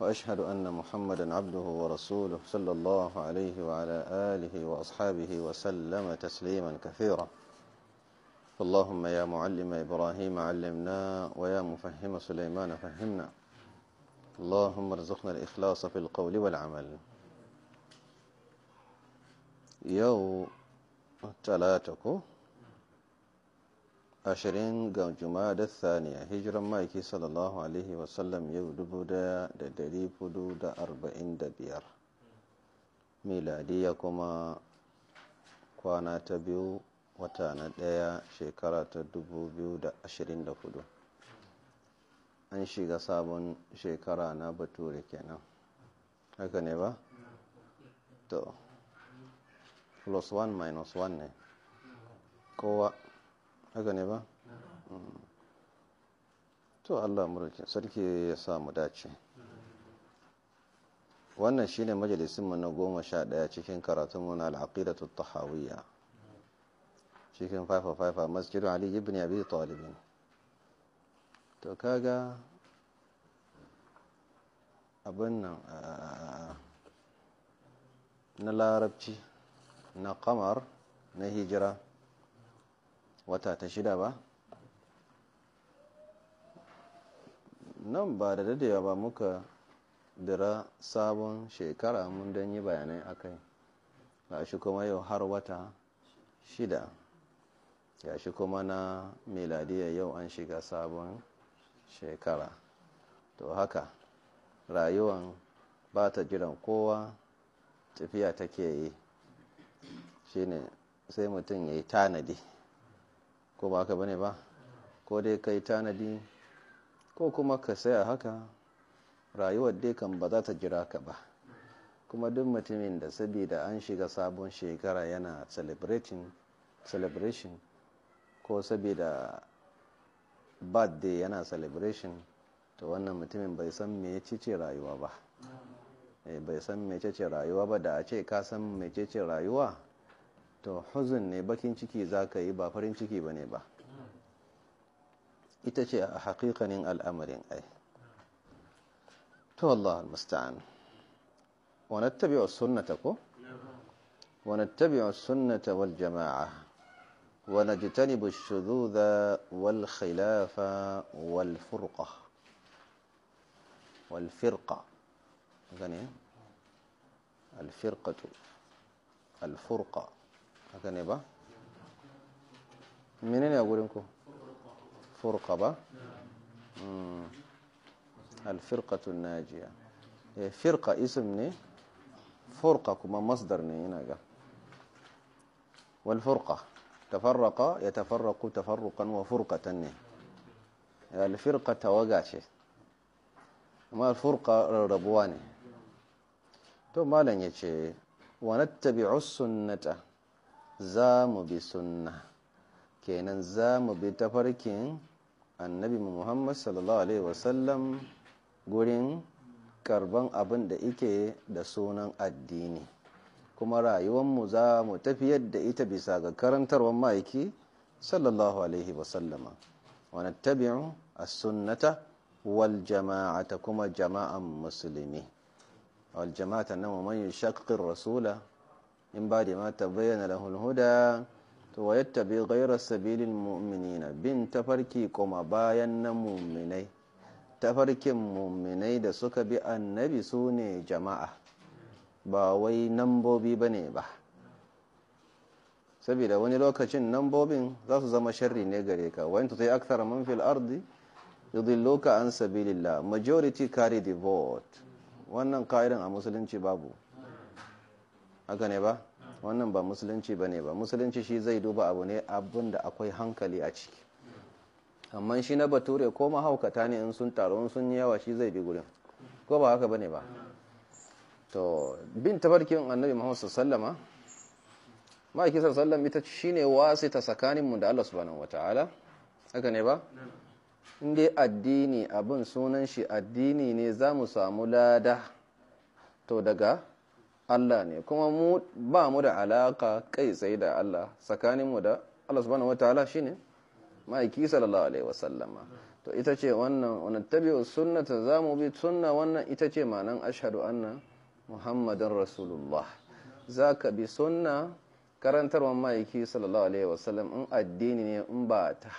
وأشهد أن محمدا عبده ورسوله صلى الله عليه وعلى آله وأصحابه وسلم تسليما كثيرا اللهم يا معلم إبراهيم علمنا ويا مفهم سليمان فهمنا اللهم ارزقنا الإخلاص في القول والعمل يو تلاتكو ashirin ga da saniya hijiran maiki sallallahu alaihi wasallam yau dubu daya da dari hudu da arba'in da biyar miladiya kuma kwana ta biyu wata na daya shekara ta dubu biyu da ashirin da hudu an shiga sabon shekara na bature kenan haka ne ba? to plus one minus one ne kowa haka ne ba mm. to allah mulki sarki ya sa mu dace wannan shine majalisinmu na goma sha daya cikin karatunmu na ta tahawiyya cikin faifa faifa masjidu ali ibn abi talibin to kaga abin nan ah, na larabci na kamar na hijira wata ta shida ba nan ba da dadewa ba muka dira sabon shekara mun don yi bayanai akai ga shi kuma yau har wata shida ga shi kuma na miladiya yau an shiga sabon shekara to haka rayuwan ba ta jiran kowa tafiya take yi shine sai mutum ya yi tanadi ko ba haka bane ba ko dai ka tanadi ko kuma ka saya haka rayuwar dai kan ba za ta jira ka ba kuma duk mutumin da saboda an shiga sabon shekara yana celebration ko saboda birthday yana celebration to wannan mutumin bai san mecece rayuwa ba eh, bai san mecece rayuwa ba da a ce ka san mecece rayuwa to huzun ne bakin ciki za ka yi ba farin ciki ba ne ba ita ce a haƙiƙanin al'amarin ai to Allah al-musta'an wa nattabi'u sunnata ko wa nattabi'u sunnata wal jama'a jitani najtanibu ash da wal khilafa wal furqa wal firqa gane al firqatu al furqa haka ne ba hmm. eh, ne a gurin Furka ba alfirqatu najiya Firka isim ne furka kuma masdar ne yana ga wal furqa tafarraqa yatafarraqu tafarruqan wa furqatan ne eh, Alfirka tawaga ce amma alfurka rarrabuwa ne to malam ce. wa nattabi'us sunnata za mu bi sunna kenan za mu bi tafarkin annabi muhammad sallallahu alaihi wasallam gurin karban abin da ike da sunan addini kuma rayuwanmu za mu tafiyar da ita bisa ga karantarwar ma'aiki sallallahu alaihi wasallama wani tabi'u a sunnata wal jama'ata kuma jama'an musulmi wal jama'ata na mamayin shakkin rasula In ba da bayyana من بعد to wa له الهدى ويتبع sabilin muminina bin tafarki kuma bayan na muminai tafarkin muminai da suka bi annabi su ne jama'a ba wai nambobi ba ne ba saboda wani lokacin nambobin za su zama sharri ne gare ka wani tutai akthar man fil ardi yudilluka an sabilillah majority carry the vote wannan kairin a musulunci babu haka ne ba wannan ba musulunci ba ne ba musulunci shi zai duba abu ne abin da akwai hankali a ciki amma shi na bature ko mahaukata ne in sun taru in sun yawa shi zai bi gurin ko ba haka ba ne ba to bin tabarkin annabi muhammad sallama ma'aikin sallam ita shi ne wasita tsakaninmu da allah subhanahu ala haka ne ba inda addini abin sunan shi addini ne za mu samu lada to daga Allah ne kuma mu ba mu da alaka kai tsaye da Allah tsakaninmu da Allah subhanahu wataala shine ma'aiki sallallahu alaihi wasallama to ita ce wannan wannan tabi'u sunnata zamu bi sunna wannan ita ce ma'anan ashhadu anna muhammadan rasulullah zaka bi sunna karantarwar ma'aiki sallallahu alaihi wasallam in addini ne in ba ta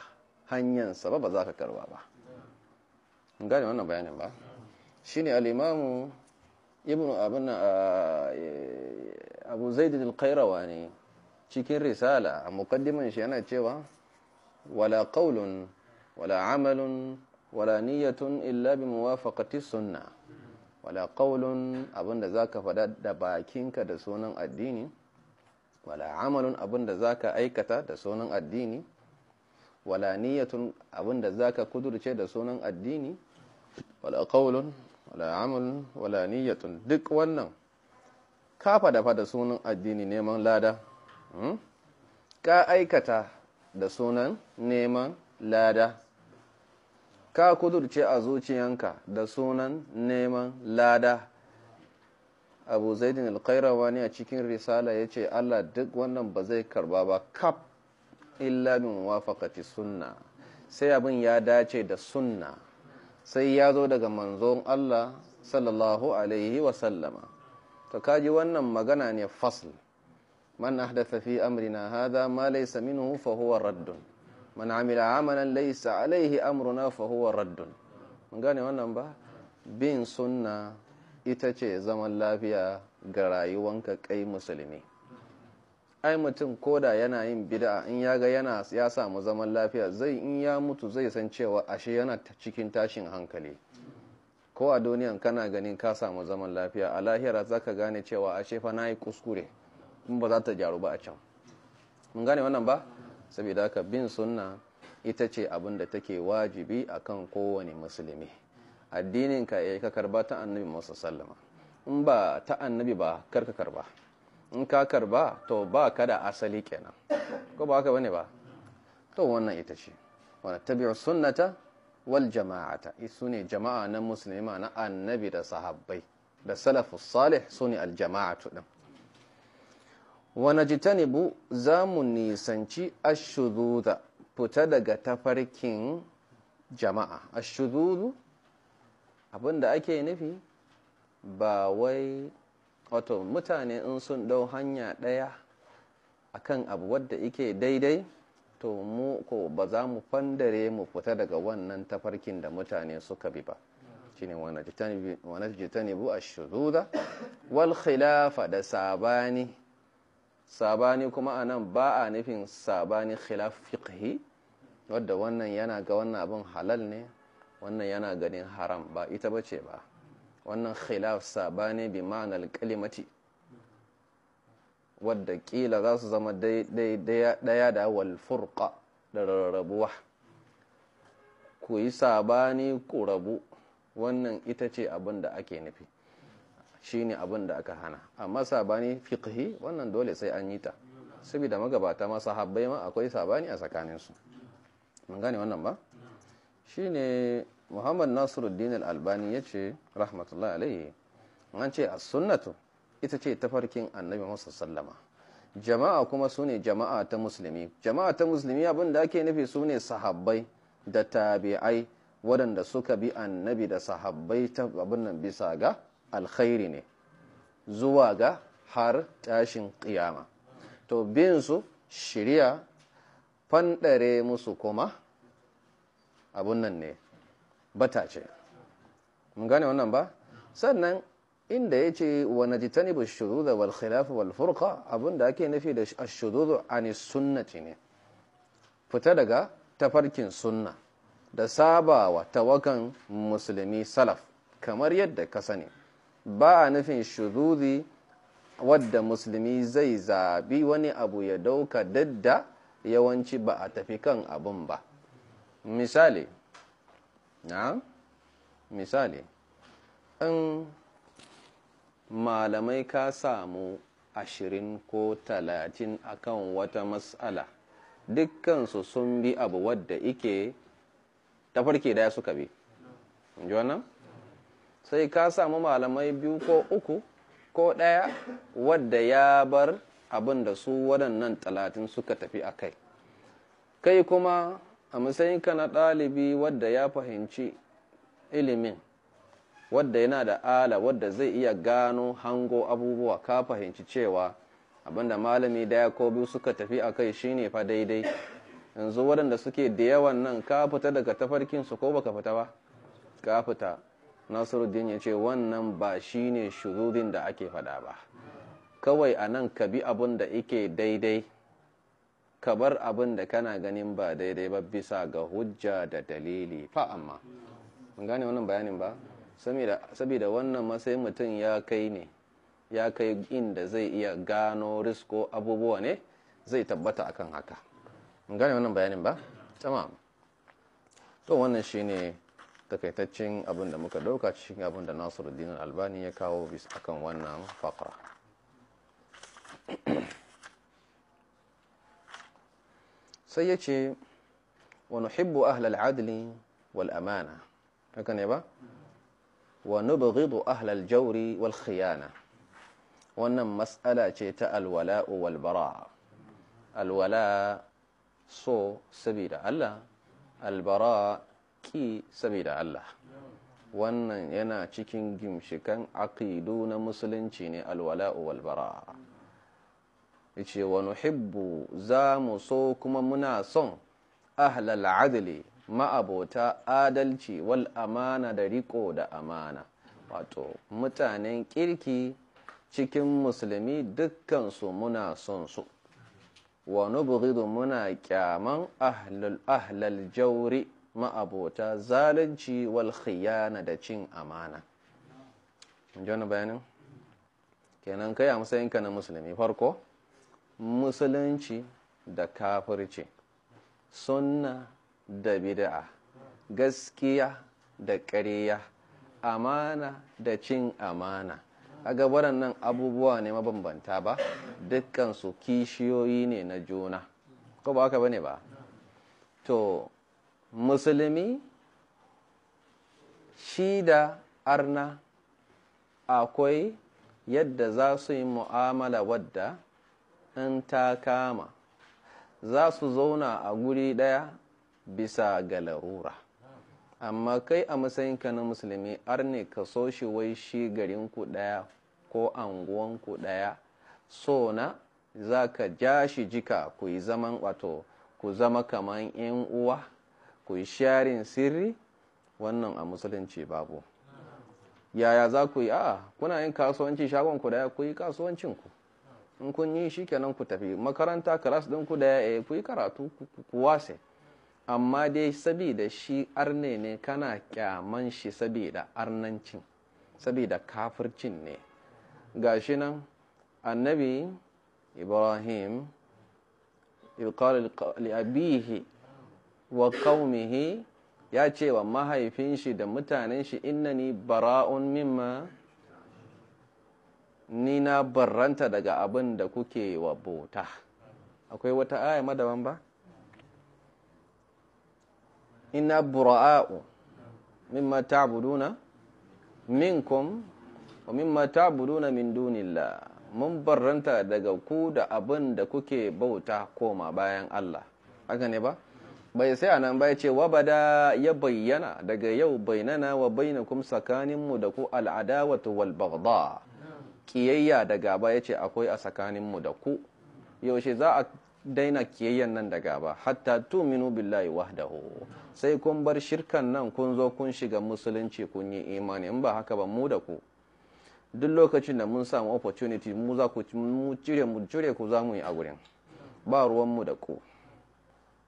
hanyar sa ba ba zaka karba ba gane wannan bayanin ba shine al-imamu ibn abin ah, abu zaidin alkairawa ne cikin risala a mukaddiman shi yana cewa wala qaulun wala amalun wala niyyatun illa bi muwafaqati sunna wala qaulun abinda zaka fada da bakinka da sunan addini wala amalun abinda zaka aikata da sunan addini wala niyyatun abinda zaka kudurce da sunan addini wala qaulun wala amul wala niyyatun duk wannan ka fadafa da sunan addini neman lada hmm? ka aikata da sunan neman lada ka kudurce a zuciyanka da sunan neman lada abu zaidin alkairawa ne a cikin risala ya ce allah duk wannan ba zai karba ba kaf illa min wafakati sunna sai abin ya dace da sunna sai ya zo daga manzon Allah sallallahu alaihi wasallama to kaji wannan magana ne fasl man ahdatha fi amrina hadha ma laysa minhu fa huwa radd man amila amalan laysa alaihi amruna fa huwa radd mun gane wannan ba bin sunna ita ce zaman lafiya ga rayuwanka kai musulmi ai mutum koda yana yin bid'a in ya ga yana ya samu zaman lafiya zai in ya mutu zai san cewa ashe yana cikin tashin hankali ko a duniyan kana ganin ka samu zaman lafiya a lahira za ka gane cewa ashe fa yi kuskure in ba za ta jaru ba a can mun gane wannan ba saboda haka bin sunna ita ce abin da take wajibi a kan kowane musulmi addinin ka yi eh, ka karba ta annabi Musa sallama in ba ta annabi ba karka karba in ka karba to ba ka da asali kenan ko ba haka bane ba to wannan ita ce wanda tabi'u sunnata wal jama'ata su ne jama'a na musulma na annabi da sahabbai da salafus salih su al aljama'atu din wana jitanibu za mu nisanci ashududa fita daga tafarkin jama'a ashududu abinda ake nufi ba wai wato mutane in sun dau hanya ɗaya akan abu wadda ike daidai to mu ko ba za mu fandare mu fita daga wannan tafarkin da mutane suka bi ba shine wani jitani bu a shuzuza wal khilafa da sabani sabani kuma a nan ba a nufin sabani khilaf fiqhi wadda wannan yana ga wannan abin halal ne wannan yana ganin haram ba ita bace ba wannan khilaf sabani bi ma'anar kalimati wadda kila za su zama daya da walfurka da rarrabuwa ku yi sabani ku rabu wannan ita ce abin da ake nufi shine abin da aka hana amma sabani fiqhi wannan dole sai an yi ta saboda magabata ma sahabbai ma akwai sabani a tsakaninsu mun gane wannan ba shine muhammad nasiruddin al-albani ya ce rahmatullahi alaihi an ce a sunnatu ita ce ta farkin annabi musa sallama jama'a kuma su ne jama'a ta musulmi jama'a ta musulmi abinda ake nufi su ne sahabbai da tabi'ai waɗanda suka bi annabi da sahabbai ta abin bisa ga alkhairi ne zuwa ga har tashin ƙiyama to binsu shirya fanɗare musu kuma abinnan ne bata ce mun gane wannan ba sannan inda ya ce wa na jitani bu shududu wal khilafu wal furqa abinda ake nufi da shududu ani sunnati ne fita daga tafarkin sunna da sabawa tawakan musulmi salaf kamar yadda ka sani ba a nufin shududi wadda musulmi zai zabi wani abu ya dauka dadda yawanci ba a tafi kan abun ba misali na misali in malamai ka samu ashirin ko talatin akan wata mas'ala dukkansu sun bi abu wadda ike tafarki daya suka bi ji wannan sai ka samu malamai biyu ko uku ko daya wadda ya bar abin da su waɗannan talatin suka tafi a kai kai kuma a ka na ɗalibi wadda ya fahimci ilimin wadda yana da ala wadda zai iya gano hango abubuwa ka fahimci cewa abinda malami ɗaya ko biyu suka tafi a kai shine fa daidai yanzu waɗanda suke da yawan nan ka fita daga tafarkinsu ko baka fita ba ka fita nasiruddin ya ce wannan ba shine shirurin da ake faɗa ba kawai a nan ka bi abin da ike daidai ka bar abin da kana ganin ba daidai ba bisa ga hujja da dalili fa amma mun gane wannan bayanin ba saboda wannan masai mutum ya kai ne ya kai inda zai iya gano risko abubuwa ne zai tabbata akan haka mun gane wannan bayanin ba tamam to wannan shine takaitaccen abin da muka dauka cikin abin da Nasiruddin Albani ya kawo bis akan wannan fakra sai ya ce wa nuhibbu ahlal adli wal amana haka ne ba wa nubghidu ahlal jawri wal khiyana wannan matsala ce ta alwala'u wal bara alwala so saboda Allah albara ki saboda Allah wannan yana cikin gimshikan aqidu na musulunci ne alwala'u wal bara ce wa nuhibbu za mu so kuma muna son ahlal adli ma'abota adalci wal amana da riko da amana wato mutanen kirki cikin musulmi dukkansu muna son su wa nubghidu muna kyaman ahlul ahlal jawri ma'abota zalunci wal khiyana da cin amana mun ji wani bayanin kenan kai a matsayinka na musulmi farko musulunci da kafirci sunna da bid'a gaskiya da ƙarya amana da cin amana a gabaran nan abubuwa ne mabambanta ba dukkansu kishiyoyi ne na juna ko ba haka ba ne ba to musulmi shi da arna akwai yadda za su yi mu'amala wadda in ta kama za su zauna a guri daya bisa ga larura amma kai a matsayinka na musulmi ar ne ka so shi wai shi garinku daya ko anguwanku daya so na za ka ja shi jika ku yi zaman wato ku zama kaman yan uwa ku yi sharin sirri wannan a musulunci babu yaya za ku yi a kuna yin kasuwanci shagon ku ɗaya ku yi kasuwancinku in kun yi shi kenan ku tafi makaranta kalas ɗin ku da eh, ku yi karatu ku wase amma dai sabida shi arne ne kana kyaman shi sabida arnancin sabida kafircin ne gashi nan annabi ibrahim yuqalu liabihi wa qaumihi ya ce wa mahaifin shi da mutanen shi innani bara'un mimma ni na barranta daga abin da kuke wa bauta akwai wata aya madaban ba ina bura'a'u mimma ta'buduna minkum wa mimma ta'buduna min dunillah mun barranta daga ku da abin da kuke bauta koma bayan Allah haka ne ba bai sai anan bai ce wabada ya bayyana daga yau bainana wa bainakum sakaninmu da ku al'adawatu wal baghdha kiyayya da gaba ya ce akwai a tsakaninmu da ku yaushe za a daina kiyayyan nan da gaba hatta tuminu billahi wahdahu sai kun bar shirkan nan kun zo kun shiga musulunci kun yi imani in ba haka ba mu da ku duk lokacin da mun samu opportunity mu za ku cire mu cire ku za mu yi a gurin ba ruwan mu da ku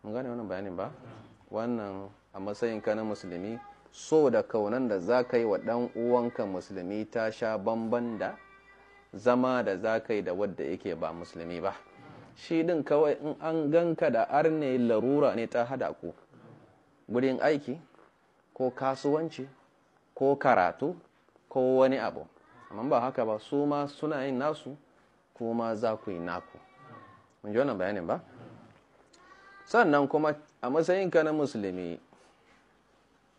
mun wannan bayanin ba wannan a matsayin ka na musulmi so da kaunan da za ka yi wa ɗan uwanka musulmi ta sha bamban da zama da za ka yi da wadda yake ba musulmi ba shi din kawai in an ganka da arne larura ne ta hada ku gudun aiki ko kasuwanci ko karatu ko wani abu amma ba haka ba su ma suna yin nasu kuma za ku yi naku mun ji wannan bayanin ba sannan kuma a matsayin ka na musulmi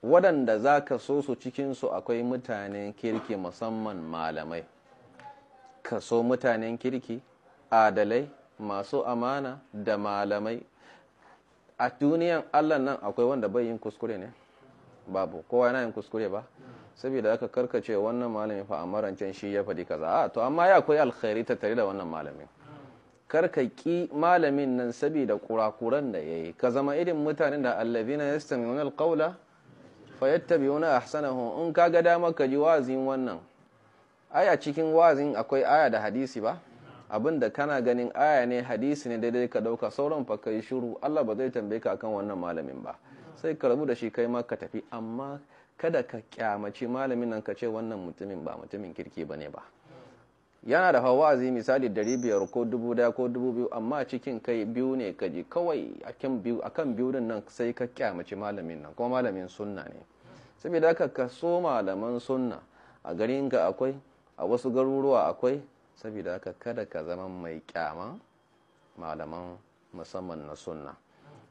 waɗanda za ka so su cikinsu akwai mutanen kirki musamman malamai ka so mutanen kirki adalai masu amana da malamai a duniyan allah nan akwai wanda bai yin kuskure ne babu kowa yana yin kuskure ba saboda aka karkace wannan malami fa amarancan shi ya faɗi kaza a to amma ya akwai alkhairi tare da wannan malamin karkaki ki malamin nan saboda kurakuran da ya yi. ka zama irin mutanen da allazina yastami'una alqawla fayattabi'una ahsanahu in ka ga dama ka ji wazin wannan aya cikin wazin akwai aya da hadisi ba abinda kana ganin aya ne hadisi ne daidai ka dauka sauran fa kai shiru Allah ba zai tambaye ka akan wannan malamin ba sai ka rabu da shi kai ma ka tafi amma kada ka kyamaci malamin nan ka ce wannan mutumin ba mutumin kirki bane ba yana da hawazi misali 500 ko 1000 ko 2000 amma cikin kai biyu ne ka kawai akan biyu akan biyu din nan sai ka kyamaci malamin nan ko malamin sunna ne saboda haka ka so malaman sunna a garin ga akwai a wasu garuruwa akwai saboda haka kada ka zama mai kyama malaman musamman na sunna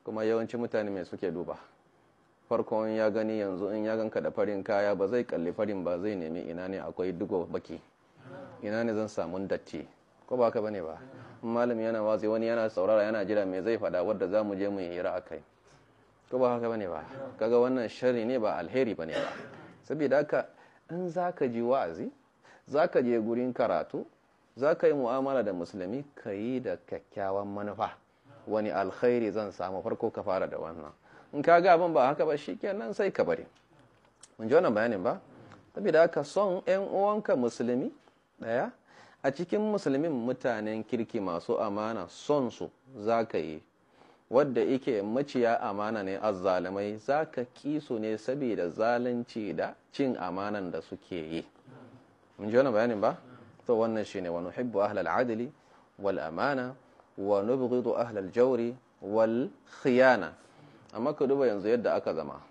kuma yawanci mutane mai suke duba farkon ya gani yanzu in ya ganka da farin kaya ba zai kalli farin ba zai nemi ina ne akwai dugo baki ina ne zan samu datti ko ba ka bane ba malami yana wazi wani yana saurara yana jira mai zai fada wadda za mu je mu yi hira kai. ko ba haka bane ba kaga wannan shari ne ba alheri bane ba saboda haka in za ka ji wa'azi za ka je gurin karatu za ka yi mu'amala da musulmi ka yi da kyakkyawan manufa wani alkhairi zan samu farko ka fara da wannan in ka ga abin ba haka ba shi kenan sai ka bari mun ji wannan bayanin ba saboda haka son 'yan uwanka musulmi daya a cikin musulmin mutanen kirki masu amana son su za ka yi wadda ike maciya amana ne azzalamai za ka ƙi su ne saboda zalunci da cin amanan da suke yi mun ji wani bayanin ba to wannan shine wa nuhibbu ahlal adli wal amana wa nubghidu ahlal jawri wal khiyana amma ka duba yanzu yadda aka zama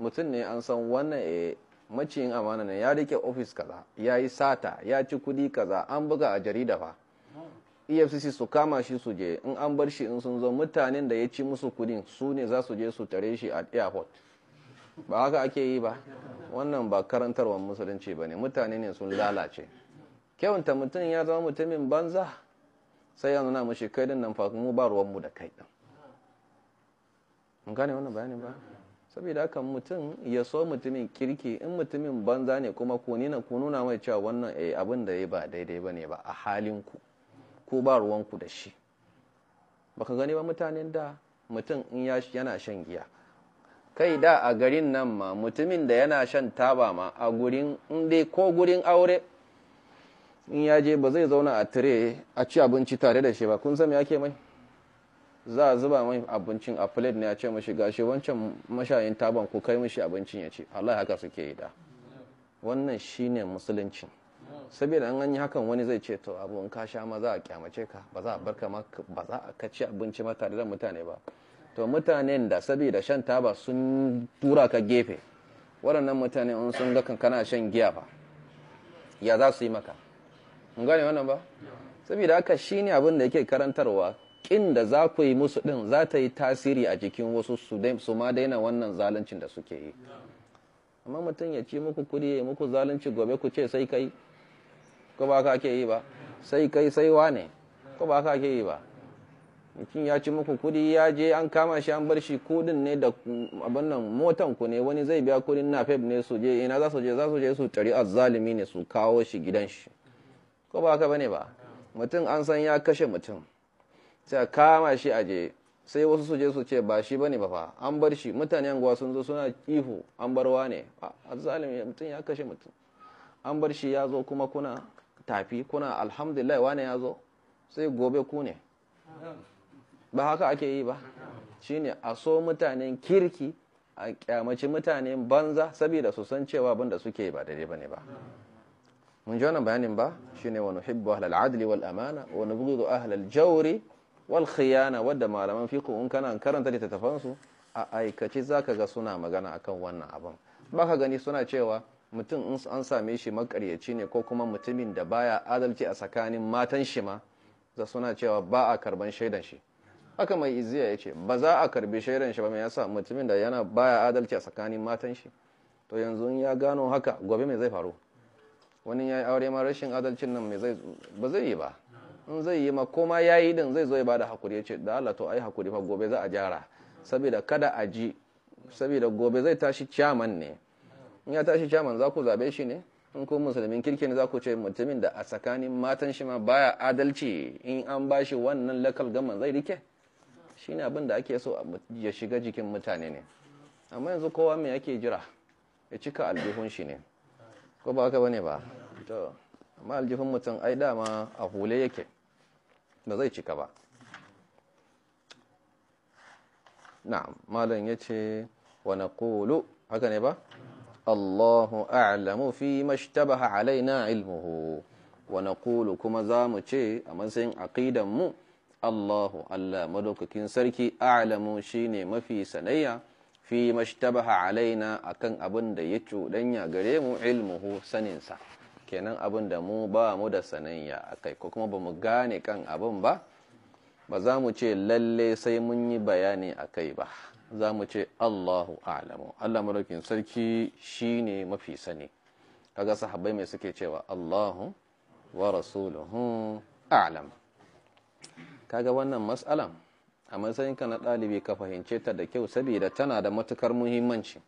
mutum ne an san wannan eh maciyin amana ne ya rike ofis kaza yayi sata ya ci kudi kaza an buga a jarida fa efcc su kama shi su je in an bar shi in sun zo mutanen da ya ci musu kudin su ne za su je su tare shi a airport ba haka ake yi ba wannan ba karantarwar musulunci ba ne mutane ne sun lalace kyawunta mutum ya zama mutumin banza sai ya nuna mashi kai din nan fakon mu ba ruwanmu da kai din mun gane wannan bayanin ba saboda haka mutum ya so mutumin kirki in mutumin banza ne kuma ku nuna ku nuna mai cewa wannan eh, abin da ya ba daidai ba ne ba a halinku ko ba ruwanku da shi baka gani ba mutanen da mutum in yana shan giya kai da a garin nan ma mutumin da yana shan taba ma a gurin inda ko gurin aure in ya je ba zai zauna a tire a ci abinci tare da shi ba kun sami ake mai za a zuba mai abincin a plate ne a ce mashi gashi wancan mashayin taban ku kai mashi abincin ya ce Allah haka suke yi da wannan shine musulunci saboda an yi hakan wani zai ce to abu in ka sha ma za a kyamace ka ba za a barka ma ba za a kaci abinci ma tare da mutane ba to mutanen da saboda shan taba sun tura ka gefe waɗannan mutane sun ga kankana shan giya ba ya za su yi maka in gane wannan ba saboda haka shi ne abin da yake karantarwa ƙin za ku yi musu ɗin za ta yi tasiri a jikin wasu su ma daina wannan zaluncin da suke yi amma mutum ya ci muku kudi ya muku zalunci gobe ku ce sai kai ko ba ka ke yi ba sai kai sai wane ko ba ka ke yi ba mutum ya ci muku kudi ya je an kama shi an bar shi kudin ne da abin nan motan ku ne wani zai biya kudin na feb ne su je ina za su je za su je su tari zalimi ne su kawo shi gidan shi ko ba haka bane ba mutum an san ya kashe mutum sai kama shi a je sai wasu su je su ce ba shi bane ba fa an bar shi mutane anguwa sun zo suna ihu an bar wane ne zalimi mutum ya kashe mutum an bar shi ya zo kuma kuna tafi kuna alhamdulillah wane ya zo sai gobe ku ne ba haka ake yi ba shine a so mutanen kirki a kyamaci mutanen banza saboda su san cewa abinda suke ba da ba ne ba mun ji bayanin ba shine wani nuhibbu ahlal adli wal amana wani bugudu ahlal jauri wal khiyana wadda malaman fiqh in kana karanta littattafan su a aikace zaka ga suna magana akan wannan abin ba ka gani suna cewa mutum in an same shi makaryaci ne ko kuma mutumin da baya adalci a tsakanin matan shi ma za suna cewa ba a karban shaidan shi haka mai iziya ya ce ba za a karbi shaidan shi ba mai yasa mutumin da yana baya adalci a tsakanin matan shi to yanzu ya gano haka gobe mai zai faru wani ya yi aure ma rashin adalcin nan mai zai ba zai yi ba in zai yi ma koma ya yi din zai zo ya ba da hakuri ya ce da Allah to ai hakuri fa gobe za a jara saboda kada a ji saboda gobe zai tashi chairman ne in ya tashi chairman za ku zabe shi ne in ko musulmin kirki ne za ku ce mutumin da a tsakanin matan shi ma baya adalci in an bashi wannan lakal gaman zai rike shine abin da ake so ya shiga jikin mutane ne amma yanzu kowa mai yake jira ya cika aljihun shi ne ko ba haka bane ba to amma aljihun mutum ai dama a hule yake ba zai cika ba na'am malam yace wa naqulu haka ne ba Allahu a'lamu fi mashtabaha alaina ilmuhu wa naqulu kuma mu ce a matsayin aqidan mu Allahu Allah madaukakin sarki a'lamu shine mafi sanayya fi mashtabaha alaina akan abin da ya cuɗanya gare mu ilmuhu saninsa kenan abin da mu ba mu da sanayya akai ko kuma ba mu gane kan abin ba ba za mu ce lalle sai mun yi bayani akai ba za mu ce Allahu a'lamu Allah madaukakin sarki shine mafi sani kaga sahabbai mai suke cewa Allahu wa rasuluhu a'lam kaga wannan matsalan a matsayinka na ɗalibi ka fahimce ta da kyau saboda tana da matukar muhimmanci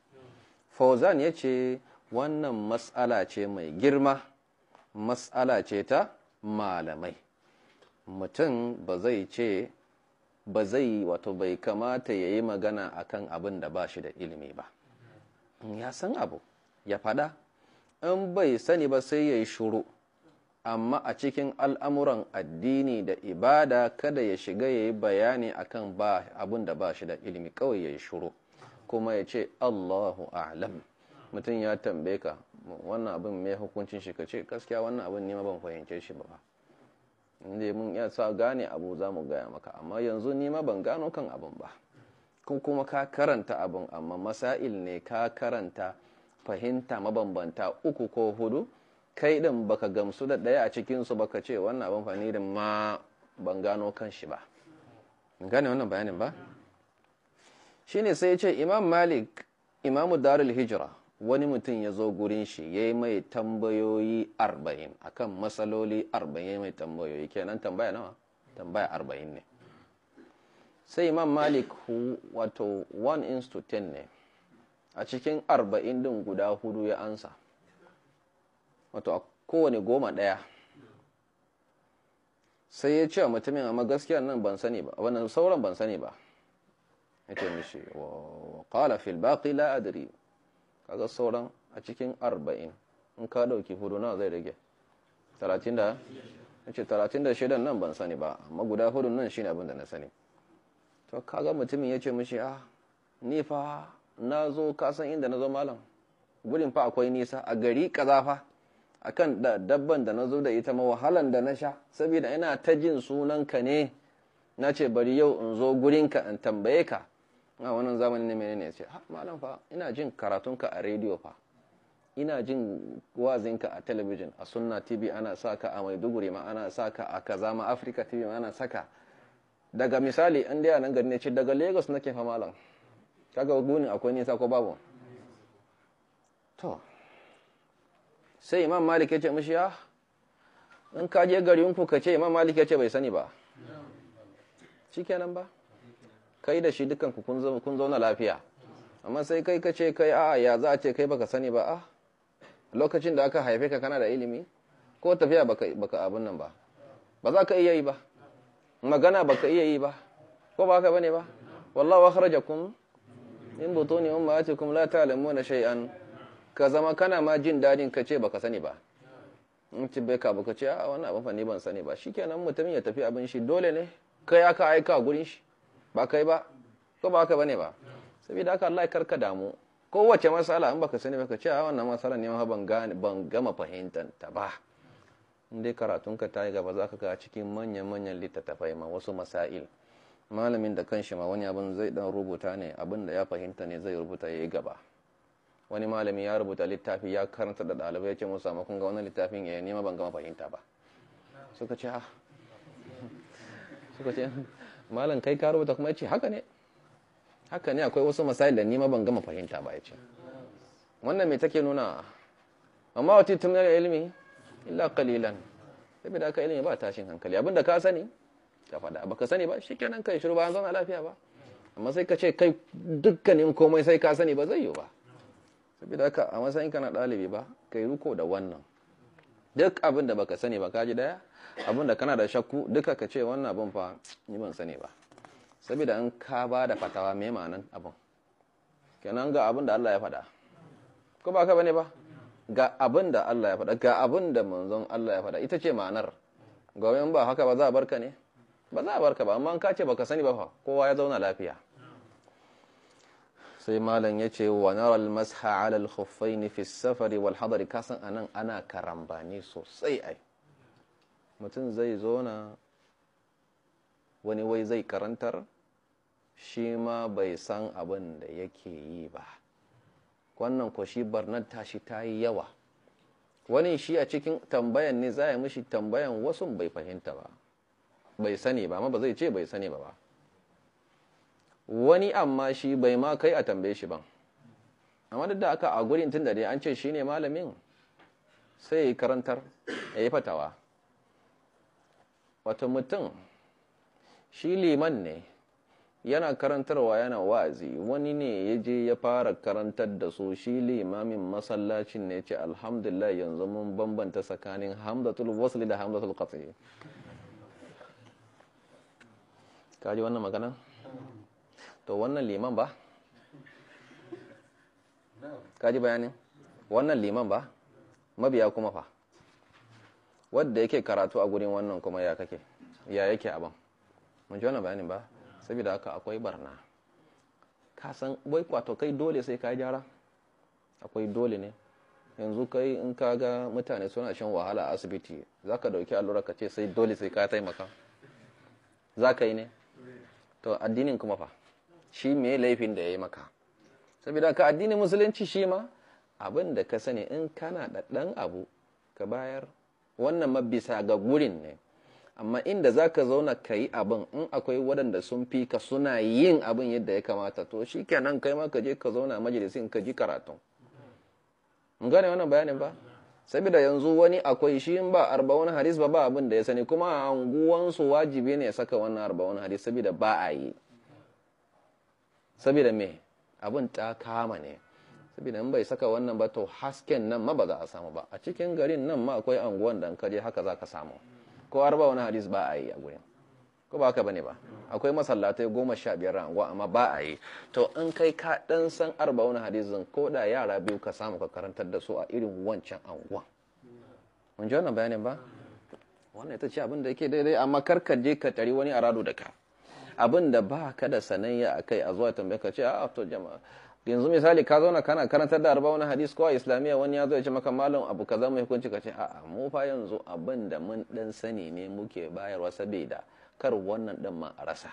fauzan ya ce wannan matsala ce mai girma matsala ce ta malamai mutum ba zai ce ba zai wato bai kamata ya yi magana a kan abin da ba shi da ilimi ba ya san abu ya fada in bai sani ba sai ya yi shuru amma a cikin al'amuran addini da ibada kada ya shiga ya yi bayani a kan abin da ba shi da ilimi kawai ya yi shuru kuma ya ce allahu alam mutum ya tambe ka wannan abin mai hukuncin shi ka ce gaskiya wannan abin ne ban fahimce shi ba inda mun ya sa gane abu za mu gaya maka amma yanzu ni ma ban gano kan abin ba kuma ka karanta abin amma masail ne ka karanta fahimta mabambanta uku ko hudu kai din baka gamsu da ɗaya a cikinsu baka ce wannan abin fani din ma ban gano kan shi ba gane wannan bayanin ba shi ne sai ya ce imam malik imamu darul hijira wani mutum ya zo gurin shi ya yi mai tambayoyi arba'in akan matsaloli arba'in mai tambayoyi kenan tambaya nawa tambaya arba'in ne sai imam malik wato 1 in to 10 ne a cikin arba'in din guda hudu ya ansa wato a kowane goma ɗaya sai ya ce wa mutumin amma gaskiyar nan ban sani ba wannan sauran ban sani ba ya ce mishi wa kala fil baqi la adri kaga sauran a cikin arba'in in ka dauki hudu na zai rage talatin da ya ce talatin da shaidan nan ban sani ba amma guda hudun nan shine ne abinda na sani to kaga mutumin ya ce mishi ah nifa na zo kasan inda na zo malam gudun fa akwai nisa a gari kaza fa akan da dabban da na zo da ita ma wahalan da na sha saboda ina ta jin sunanka ne na ce bari yau in zo gurinka in tambaye ka a wannan zamanin ne menene ya ce ha malam fa ina jin karatunka a rediyo fa ina jin wazinka a television a sunna tv ana saka a maiduguri ma ana saka a kaza ma africa tv ma ana saka daga misali an dai nan gari ne ce daga lagos nake fa malam kaga gunin akwai nisa ko babu to sai imam malik ya ce mashi ya ah, in ka je garinku ka ce imam malik ya ce bai sani ba shi kenan ba kai da shi dukan ku kun zauna lafiya amma sai kai ka ce kai a'a ya za a ce kai baka sani ba a ah, lokacin da aka haife ka kana da ilimi ko tafiya baka abin nan ba ba za ka iya yi ba magana baka iya yi ba ko ba ka bane ba wallahi wa kharajakum in butuni ummatikum la ta'lamuna shay'an ka zama kana ma jin dadin ka ce baka sani ba in ci bai ka baka ce a wani abin fa ban sani ba shikenan mutum ya tafi abin shi dole ne kai aka aika gurin shi ba kai ba ko ba haka bane ba saboda haka Allah karka damu kowace matsala in baka sani baka ce a wannan matsala ne ma ban gane ban gama fahimta ta ba indai karatun ka yi gaba za ka ga cikin manyan-manyan littattafai ma wasu masail malamin da kanshi ma wani abin zai dan rubuta ne abin da ya fahimta ne zai rubuta ya yi gaba wani malami ya rubuta littafi ya karanta da ɗalibai yake musa makon ga wani littafin ya eh, nema ban gama fahimta ba suka ce ha ah. suka ce malam kai ka rubuta kuma ya ce haka ne haka ne akwai wasu masayi da nema ban gama fahimta ba ya ce wannan mai take nuna amma wata tumnar ilimi illa kalilan saboda haka ilimi ba tashin hankali abinda ka sani ka faɗa baka sani ba Shi kenan kai shiru ba an zauna lafiya ba amma sai ka ce kai dukkanin komai sai ka sani ba zai yiwu ba saboda haka a matsayin kana ɗalibi ba kai ruko da wannan duk abin da baka sani ba ka ji daya abin da kana da shakku duka ka ce wannan abin fa ni ban sani ba saboda in ka ba da fatawa mai ma'anan abin kenan ga abin da Allah ya faɗa ko ba ka bane ba ga abin da Allah ya faɗa ga abin da manzon Allah ya faɗa ita ce ma'anar ga wayan ba haka ba za a barka ne ba za a barka ba amma an ka ce baka sani ba fa kowa ya zauna lafiya sai malam ya ce wa naral masha alal khuffaini fi safari wal hadari kasan anan ana karambani sosai ai mutum zai zona wani wai zai karantar shi ma bai san abin da yake yi ba wannan ko shi barnar tashi ta yi yawa wani shi a cikin tambayan ne za a yi mishi tambayan wasu bai fahimta ba bai sani ba ma ba zai ce bai sani ba ba wani amma shi bai ma kai a tambaye shi ba. amma duk da aka a gurin tun da dai an ce shi ne malamin sai ya karantar ya yi fatawa wata mutum shi liman ne yana karantarwa yana wa'azi wani ne ya je ya fara karantar da su shi limamin masallacin ne ce alhamdulillah yanzu mun bambanta tsakanin hamdatul wasli da hamdatul qat'i kaji wannan magana to wannan liman ba kaji bayanin wannan liman ba mabiya kuma fa wadda yake karatu a gurin wannan kuma ya kake ya yake abin mun ji wannan bayanin ba saboda haka akwai barna ka san wai kwato kai dole sai ka gyara akwai dole ne yanzu kai in ka ga mutane suna shan wahala a asibiti za ka dauki allura ka ce sai dole sai ka taimaka za ka yi ne to addinin kuma fa shi me laifin da ya yi maka saboda ka addinin musulunci shi ma abin da ka sani in kana da ɗan abu ka bayar wannan mabisa ga gurin ne amma inda za ka zauna ka yi abin in akwai waɗanda sun fi ka suna yin abin yadda ya kamata to shi kenan kai ma ka je ka zauna a majalisin ka ji karatun gane wannan bayanin ba saboda yanzu wani akwai shi ba arba'un hadis ba ba abin da ya sani kuma a anguwansu wajibi ne ya saka wannan arba'un hadis saboda ba a yi saboda me abin ta kama ne saboda in bai saka wannan ba to hasken nan ma ba za a samu ba a cikin garin nan ma akwai anguwan da je haka za ka samu ko har ba wani hadis ba a yi a gurin ko ba haka bane ba akwai masallatai goma sha biyar a anguwa amma ba a yi to in kai ka dan san arba wani hadisin ko da yara biyu ka samu ka karantar da su a irin wancan anguwa mun ji wannan bayanin ba wannan ita ce abin da yake daidai amma kar ka je ka tari wani a da ka abin da ba ka da sanayya a kai a zuwa tambaye ka ce a to jama'a yanzu misali ka zauna kana karantar da arba wani hadis ko a islamiyya wani ya zo ya ce maka malam abu kaza mai hukunci ka ce a mu fa yanzu abin da mun dan sani ne muke bayarwa saboda kar wannan din ma a rasa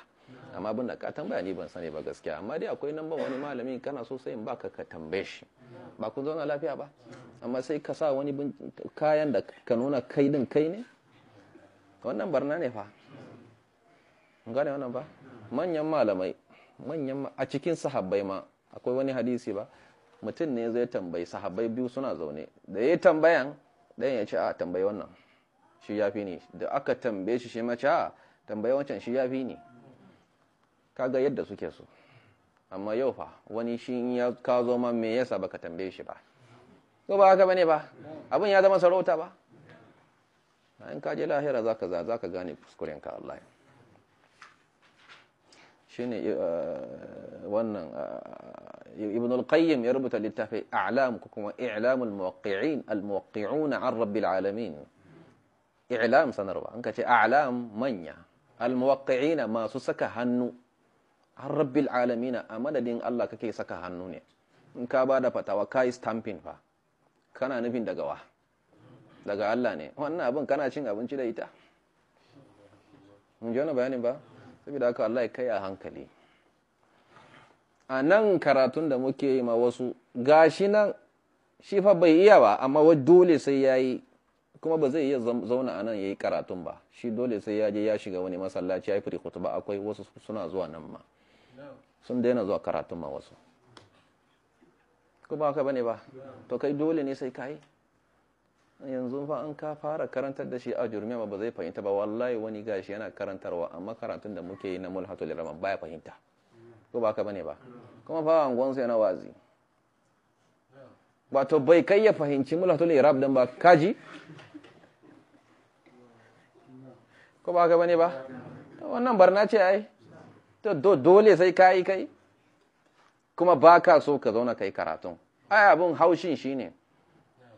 amma abin da ka tambaya ni ban sani ba gaskiya amma dai akwai nan ba wani malami kana so sai in baka ka tambaye shi ba kun zauna lafiya ba amma sai ka sa wani kayan da ka nuna kai din kai ne wannan barna ne fa gane wannan ba manyan malamai manyan a cikin sahabbai ma akwai wani hadisi ba mutum ne zai tambayi sahabbai biyu suna zaune da ya tambayan dan ya ce a tambayi wannan shi ya fi ne da aka tambaye shi shi mace a tambayi wancan shi ya fi ne kaga yadda suke so amma yau fa wani shi ya ka zo ma me yasa baka tambaye shi ba ko ba haka bane ba abin ya zama sarauta ba in ka je lahira zaka za zaka gane kuskuren ka Allah shine eh, wannan eh, ibn al-qayyim ya rubuta littafin a'lam ko kuma i'lamul muwaqqi'in al-muwaqqi'un an rabbil alamin i'lam sanarwa an kace a'lam manya al-muwaqqi'ina masu saka hannu an rabbil alamin a madadin Allah kake saka hannu ne in ka bada fatawa kai stamping fa kana nufin daga wa daga Allah ne wannan abin kana cin abinci da ita mun ji wani bayanin ba saboda haka Allah ya kai a hankali a nan karatun da muke yi ma wasu gashi nan shi fa bai iya ba amma wa dole sai ya yi kuma ba zai iya zauna a nan ya yi karatun ba shi dole sai ya je ya shiga wani masallaci ya yi firi kutuba akwai wasu suna zuwa nan ma sun daina zuwa karatun ma wasu ko ba ka bane ba to kai dole ne sai ka yi yanzu fa an ka fara karantar da shi a jurmiya ba zai fahimta ba wallahi wani gashi yana karantarwa amma karantun da muke yi na mulhatul rahman baya fahimta ko ba ka bane ba kuma fa angonsu yana wazi wato bai kai ya fahimci mulhatul irab dan ba kaji ko ba ka bane ba wannan barna ce ai to dole sai kai kai kuma baka so ka zauna kai karatun ai abun haushin shine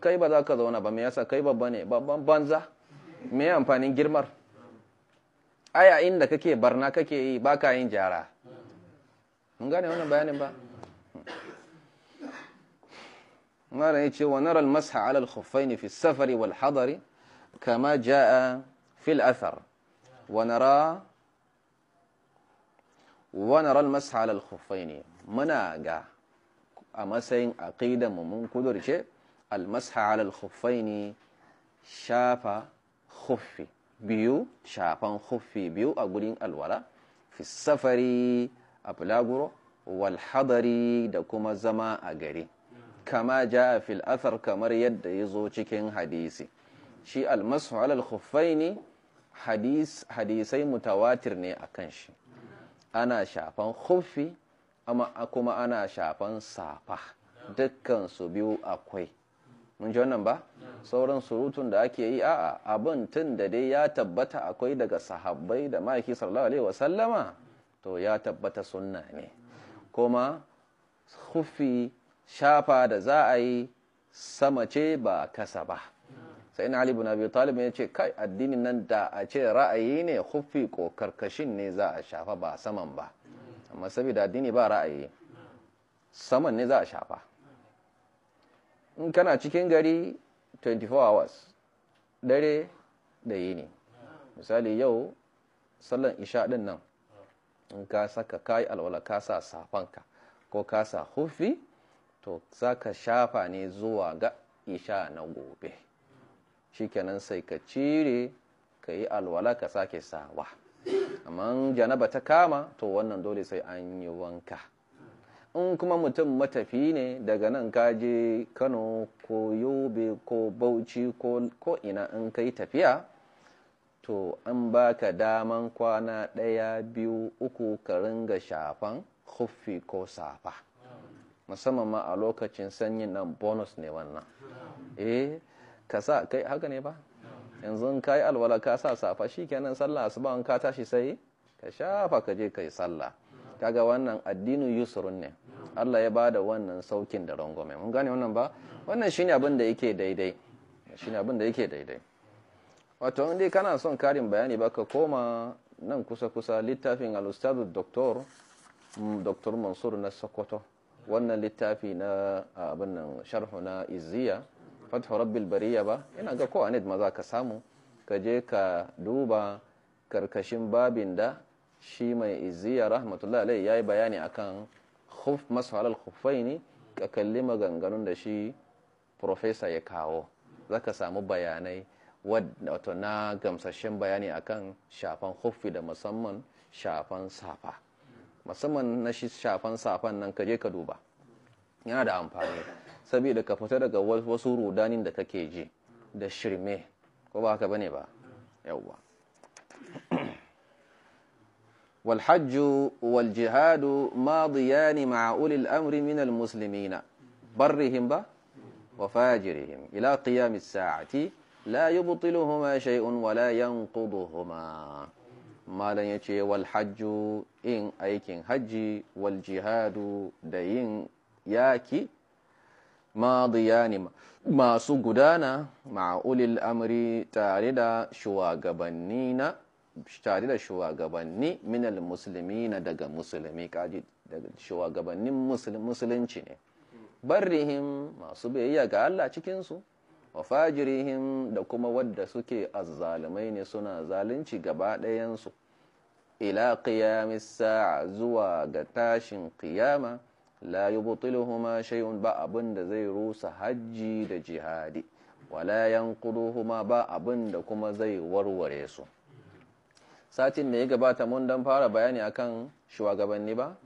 kai ba za ka zauna ba me yasa kai babba ne babban banza me amfanin girmar aya inda kake barna kake yi ba ka yin jara mun gane wannan bayanin ba mara ya ce wa nara almasha ala alkhuffaini fi safari wal hadari kama jaa fil athar wa nara wa nara almasha ala alkhuffaini muna ga a matsayin aqidan mu mun kudurce almasha alal khuffaini shafa hufi biyu shafan biyu a gurin alwala fi safari a filaguro walhadari da kuma zama a gari kama ja fil athar kamar yadda ya zo cikin hadisi shi almasu alal khuffaini hadisai mutawatir ne a kan shi ana shafan huffi amma kuma ana shafan safa dukkan su biyu akwai mun ji wannan ba sauran surutun da ake yi a'a abin tun da dai ya tabbata akwai daga sahabbai da ma'aiki sallallahu alaihi wasallama to ya tabbata sunna ne kuma hufi shafa da za a yi sama ce ba kasa ba sai na alibu na biyu talibin ya ce kai addinin nan da a ce ra'ayi ne hufi ko karkashin ne za a shafa ba saman ba amma saboda addini ba ra'ayi saman ne za a shafa in kana cikin gari 24 hours dare da yini misali yau sallan isha din nan in ka saka kayi alwala ka sa safanka ko ka sa hufi to zaka shafa ne zuwa ga isha na gobe shikenan sai ka cire ka yi alwala ka sake sawa amma janaba ta kama to wannan dole sai an yi wanka in kuma mutum matafi ne daga nan kaje kano ko yobe ko bauchi ko ina in kai tafiya to an baka daman kwana ɗaya biyu uku ka ringa shafan huffi ko safa musamman ma a lokacin sanyin nan bonus ne wannan eh ka sa kai haka ne ba yanzu ka yi alwala ka sa safa shi kenan sallah asuba in ka tashi sai ka shafa ka je ka sallah kaga wannan addinin yusurun ne Allah ya bada wannan saukin da rangwame mun gane wannan ba wannan shine abin da yake daidai shine abin da yake daidai wato inda dai kana son karin bayani baka koma nan kusa kusa littafin al-ustad doktor mm, dr mansur na sokoto wannan littafi na abin nan sharhu na izziya fathu rabbil bariya ba ina ga ko anet ma za ka samu ka je ka duba karkashin babin da shi mai iziya rahmatullahi ya yi bayani akan kan masu kufai ne, ka kalli maganganun da shi profesa ya kawo za ka samu bayanai wato na gamsashen bayani akan shafan kufi da musamman shafan safa musamman na shi shafan safan nan ka je ka duba yana da amfani saboda ka fita daga wasu rudanin da kake ji da shirme ko ba haka bane ba yawwa والحج والجهاد ماضيان مع أولي الأمر من المسلمين برهم با وفاجرهم إلى قيام الساعة لا يبطلهما شيء ولا ينقضهما ما لن يتي والحج إن أيك حج والجهاد دين ياكي ماضيان ما ما سجدانا مع أولي الأمر تاردا شواغبنينا tare da shugabanni minal musulmi na daga musulmi kaji daga shugabannin musulunci ne barrihim masu biyayya ga Allah cikinsu wa fajirihim da kuma wadda suke azzalumai ne suna zalunci gaba ɗayansu ila qiyamis sa'a zuwa ga tashin qiyama la yubtiluhuma shay'un ba abin da zai rusa hajji da jihadi wala yanquduhuma ba abin da kuma zai warware su satin da ya gabata mun don fara bayani akan shugabanni ba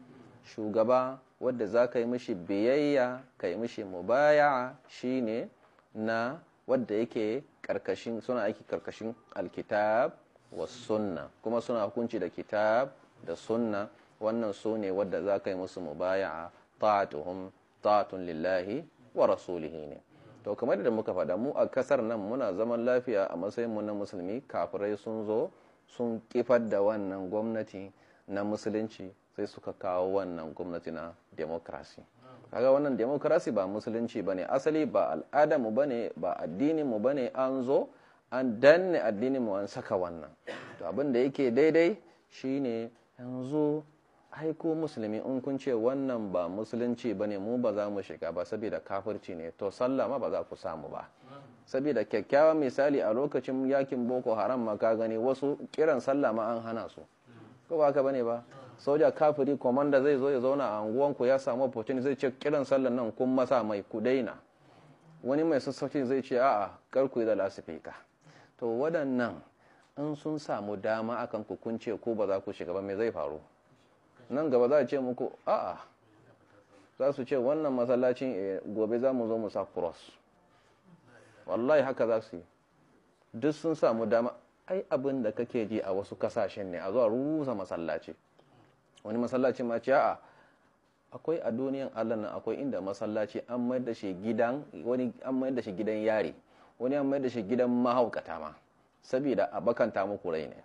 shugaba wadda za ka yi mishi biyayya ka yi mishi mubaya shine na wadda yake karkashin suna aiki karkashin alkitab wa sunna kuma suna hukunci da kitab da sunna wannan su ne wadda za ka yi musu mubaya ta'atuhum ta'atun lillahi wa rasulihi ne to kamar da muka faɗa mu a kasar nan muna zaman lafiya a matsayin mu na musulmi kafirai sun zo sun kifar da wannan gwamnati na musulunci sai suka kawo wannan gwamnati na demokrasi kaga wannan demokrasi ba musulunci ba ne asali ba al'adarmu ba ne ba addininmu ba ne an zo an danne addininmu an saka wannan to abin da yake daidai shi ne yanzu aiko musulmi in kun ce wannan ba musulunci ba ne mu ba za mu shiga ba saboda kafirci ne to sallama ba za ku samu ba saboda kyakkyawan misali a lokacin yakin boko haram maka gani wasu kiran sallah ma an hana su ko ba ka bane ba soja kafiri komanda zai zo ya zauna a anguwan ku ya samu opportunity zai ce kiran sallah nan kun masa mai ku daina wani mai sassauci zai ce a'a kar ku yi da lasifika to waɗannan in sun samu dama akan ku kun ko ba za ku shiga ba me zai faru nan gaba za a ce muku a'a za su ce wannan masallacin eh, gobe za mu zo mu sa cross wallahi haka za su yi duk sun samu dama ai abin da kake ji a wasu kasashen ne a zuwa rusa masallaci wani masallaci ma ciya a akwai a duniyan Allah na akwai inda masallaci an mayar da shi gidan yari wani an mayar da shi gidan mahaukata ma saboda a bakanta muku rai ne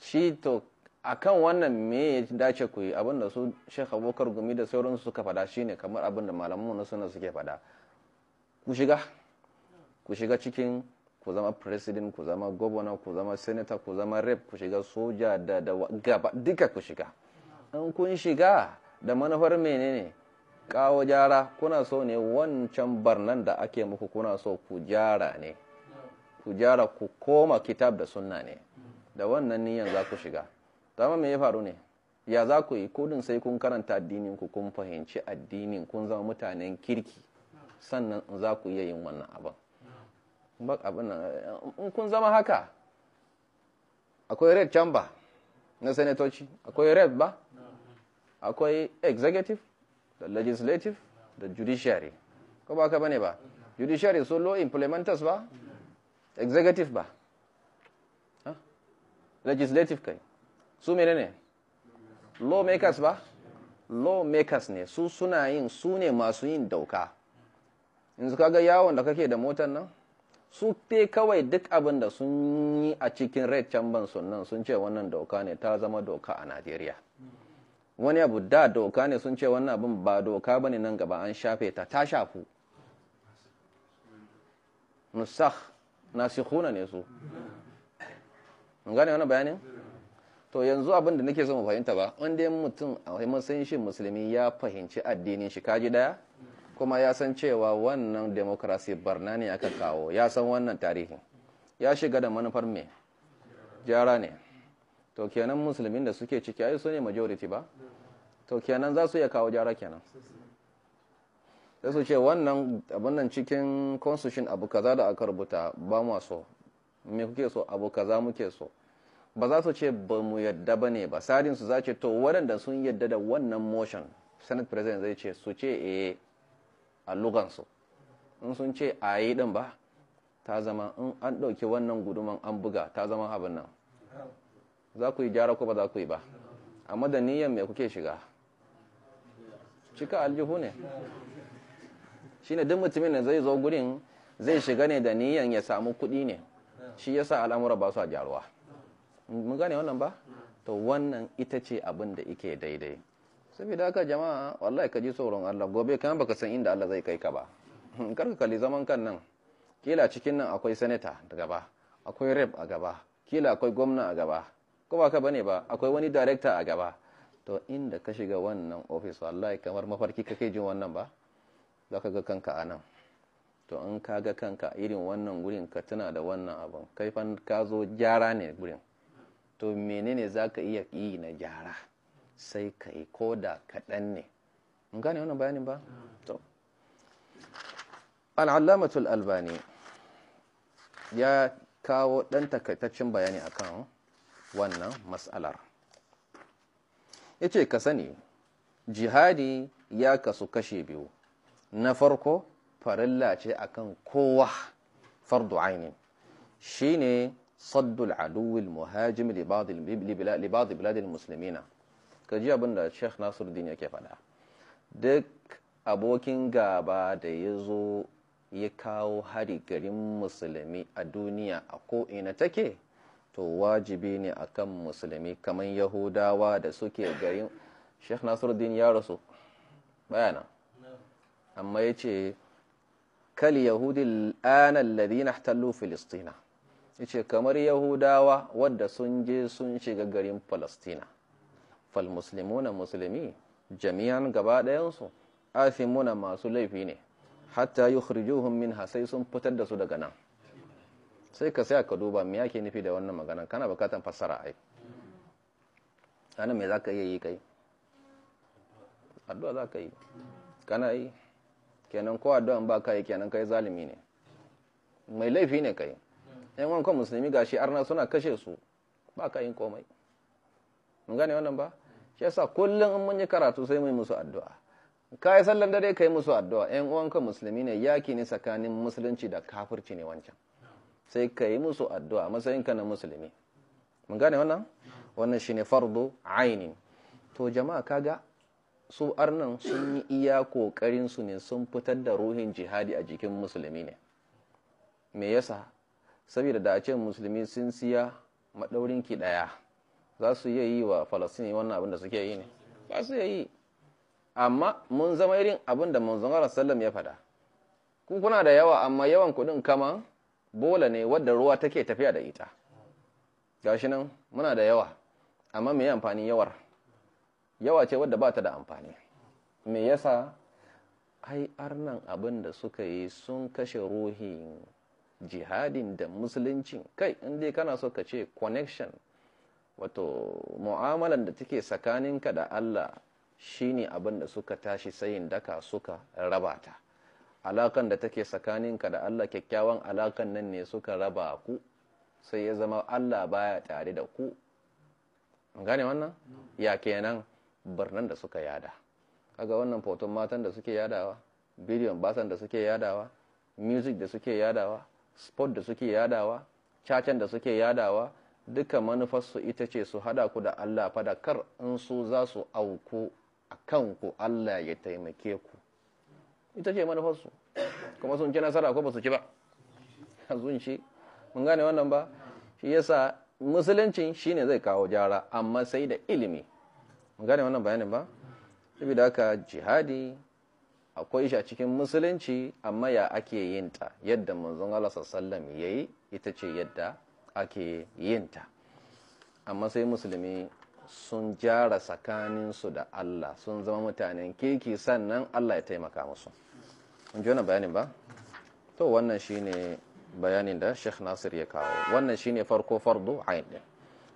shi to a kan wannan me ya dace ku yi abin da su shekha Abubakar Gumi da sauransu suka fada ne kamar abin da malaman na suna suke fada ku shiga ku shiga cikin ku zama president ku zama governor ku zama senator ku zama rep ku shiga soja da da gaba duka ku shiga in kun shiga da manufar menene kawo jara kuna so ne wancan barnan da ake muku kuna so ku jara ne ku jara ku koma kitab da sunna ne da wannan niyan za ku shiga dama me ya faru ne ya za ku yi kudin sai kun karanta addinin ku kun fahimci addinin kun zama mutanen kirki sannan za ku iya yin wannan abin in kun zama haka akwai red chamber na senatoci akwai red ba akwai executive da legislative da judiciary ko ba ka bane ba judiciary so law implementers ba executive ba legislative kai su mene ne lawmakers ba lawmakers ne su suna yin su ne masu yin dauka in su kaga yawon da kake da motar nan su te kawai duk abin da sun yi a cikin red chamber sunan sun ce wannan doka ne ta zama doka a najeriya wani abu da doka ne sun ce wannan abin ba doka ba ne nan gaba an shafe ta ta shafu nusakh nasikhuna ne su Mun gane wannan bayanin to yanzu abin da nake so mu fahimta ba wanda mutum a matsayin shi musulmi ya fahimci addinin shi kaji daya kuma ya san cewa wannan demokrasi barna ne aka kawo ya san wannan tarihi ya shiga da manufar me jara ne to kenan musulmin da suke ciki ai su ne majority ba to kenan za su iya kawo jara kenan sai su ce wannan abinnan cikin constitution abu kaza da aka rubuta ba mu so me kuke so abu kaza muke so ba za su ce ba mu yadda ba ne ba sadin su za ce to waɗanda sun yadda da wannan motion senate president zai ce su ce eh a lugansu in sun ce a yi ɗin ba ta zama in an ɗauki wannan guduman an buga ta zama abin nan za ku yi gyara ko ba za ku yi ba amma da mai kuke shiga cika aljihu ne shi ne duk mutumin ne zai zo gurin zai shiga ne da niyan ya samu kuɗi ne shi ya sa al'amura ba su a gyaruwa mun gane wannan ba to wannan ita ce abin da ike daidai saboda haka jama'a wallahi ka ji tsoron Allah gobe kan baka san inda Allah zai kai ka ba kar ka kalli zaman kan nan kila cikin nan akwai sanata da gaba akwai rep a gaba kila akwai gwamna a gaba ko ba ka bane ba akwai wani director a gaba to inda ka shiga wannan office wallahi kamar mafarki kake jin wannan ba zaka ga kanka anan to in ka ga kanka irin wannan gurin ka tuna da wannan abin kai fa ka zo gyara ne gurin to menene zaka iya yi na gyara sai ka yi ko da kaɗan ne mun gane wannan bayanin ba? to al'allamatul albani ya kawo ɗan takaitaccen bayani akan wannan matsalar ya ce ka sani jihadi ya kasu kashe biyu na farko farilla ce akan kowa fardu ainin shine saddul aduwil muhajim libadi biladil muslimina ka ji abin da sheikh nasiruddin yake faɗa duk abokin gaba da ya zo ya kawo hari garin musulmi a duniya a ko'ina take to wajibi ne akan musulmi kamar yahudawa da suke garin sheikh nasiruddin ya rasu bayana amma ya ce kal yahudi anan ladina tallu filistina ya ce kamar yahudawa wadda sun je sun shiga garin falastina fal muslimuna musulmi jami'an gaba ɗayansu asimuna masu laifi ne hatta yukhrijuhum min sai sun fitar da su daga nan sai ka sai ka duba me yake nufi da wannan magana kana bukatan fassara ai ana me zaka iya yi kai addu'a zaka yi kana yi kenan ko addu'a ba ka yi kenan kai zalimi ne mai laifi ne kai ɗan wankan musulmi gashi arna suna kashe su ba ka yin komai mun gane wannan ba yasa kullum in mun yi karatu sai mu musu addu'a ka yi sallan dare ka yi musu addu'a ‘yan uwanka musulmi ne yaki ne tsakanin musulunci da kafirci ne wancan sai ka yi musu addu'a matsayinka na musulmi mun gane wannan wannan shi ne fardo ainin to jama'a kaga su arnan sun yi iya ƙoƙarinsu ne sun fitar da ruhin jihadi a jikin musulmi ne me yasa saboda da a ce musulmi sun siya maɗaurinki ɗaya za su iya yi wa falasini wannan abin da suke yi ne ba su iya yi amma mun zama irin abin da zama sallam ya fada ku kuna da yawa amma yawan kuɗin kama. bola ne wadda ruwa take tafiya da ita gashi nan muna da yawa amma mai amfani yawar yawa ce wadda ba ta da amfani me yasa ai arnan abin da suka yi sun kashe ruhin jihadin da Musulunci kai inda kana so ka ce connection wato mu'amalan da take tsakaninka da Allah shine abin da suka tashi sayin daka suka raba ta alakan da take tsakaninka da Allah kyakkyawan alakan nan ne suka raba ku sai ya zama Allah baya tare da ku gane wannan ya kenan birnin da suka yada kaga wannan foton matan da suke yadawa bidiyon basan da suke yadawa music da suke yadawa sport da suke yadawa cacan da suke yadawa duka manufarsu ita ce su hada ku da Allah fada kar in su za su auku a kanku Allah ya taimake ku ita ce manufarsu kuma sun ci nasara ko ba su ci ba sun shi mun gane wannan ba shi yasa musuluncin ne zai kawo jara amma sai da ilimi mun gane wannan bayanin ba da aka jihadi akwai shi a cikin musulunci amma ya ake yin ta yadda manzon Allah sallallahu alaihi wasallam yayi ita ce yadda ake yinta amma sai musulmi sun jara tsakaninsu da Allah sun zama mutanen keke sannan Allah ya taimaka musu in wani bayanin ba to wannan shine bayanin da Sheikh Nasir ya kawo wannan shine farko fardu ayin